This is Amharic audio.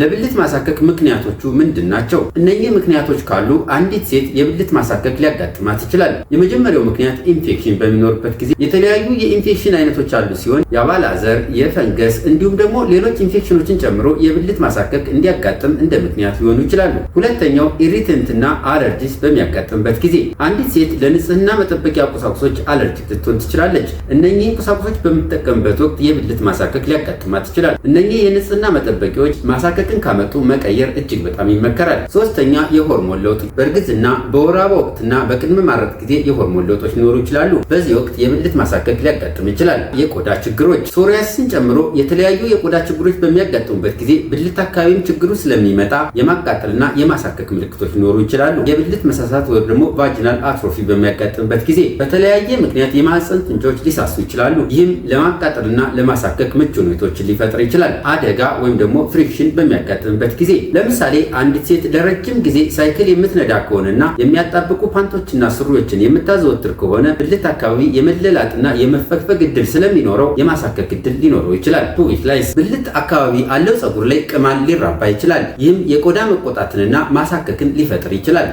ለብልት ማሳከክ ምክንያቶቹ ምንድን ናቸው? እነኚህ ምክንያቶች ካሉ አንዲት ሴት የብልት ማሳከክ ሊያጋጥማት ይችላል። የመጀመሪያው ምክንያት ኢንፌክሽን በሚኖርበት ጊዜ የተለያዩ የኢንፌክሽን አይነቶች አሉ ሲሆን የአባላዘር፣ የፈንገስ እንዲሁም ደግሞ ሌሎች ኢንፌክሽኖችን ጨምሮ የብልት ማሳከክ እንዲያጋጥም እንደ ምክንያት ሊሆኑ ይችላሉ። ሁለተኛው እና አለርጂስ በሚያጋጥምበት ጊዜ አንዲት ሴት ለንጽህና መጠበቂያ ቁሳቁሶች አለርጂክ ልትሆን ትችላለች። እነኚህን ቁሳቁሶች በምትጠቀምበት ወቅት የብልት ማሳከክ ሊያጋጥማት ይችላል። እነኚህ የንጽህና መጠበቂያዎች ማሳከክ ምልክትን ካመጡ መቀየር እጅግ በጣም ይመከራል። ሶስተኛ የሆርሞን ለውጥ። በእርግዝና በወር አበባ ወቅትና በቅድመ ማረጥ ጊዜ የሆርሞን ለውጦች ሊኖሩ ይችላሉ። በዚህ ወቅት የብልት ማሳከክ ሊያጋጥም ይችላል። የቆዳ ችግሮች፣ ሶሪያሲስን ጨምሮ የተለያዩ የቆዳ ችግሮች በሚያጋጥሙበት ጊዜ ብልት አካባቢም ችግሩ ስለሚመጣ የማቃጠልና የማሳከክ ምልክቶች ሊኖሩ ይችላሉ። የብልት መሳሳት ወይም ደግሞ ቫጂናል አትሮፊ በሚያጋጥምበት ጊዜ በተለያየ ምክንያት የማህፀን ጡንቻዎች ሊሳሱ ይችላሉ። ይህም ለማቃጠልና ለማሳከክ ምቹ ሁኔታዎችን ሊፈጥር ይችላል። አደጋ ወይም ደግሞ ፍሪክሽን በሚ በሚያጋጥምበት ጊዜ ለምሳሌ አንዲት ሴት ለረጅም ጊዜ ሳይክል የምትነዳ ከሆነና የሚያጣብቁ ፓንቶችና ሱሪዎችን የምታዘወትር ከሆነ ብልት አካባቢ የመለላጥና የመፈግፈግ እድል ስለሚኖረው የማሳከክ እድል ሊኖረው ይችላል። ቱዊት ላይስ ብልት አካባቢ አለው ፀጉር ላይ ቅማል ሊራባ ይችላል። ይህም የቆዳ መቆጣትንና ማሳከክን ሊፈጥር ይችላል።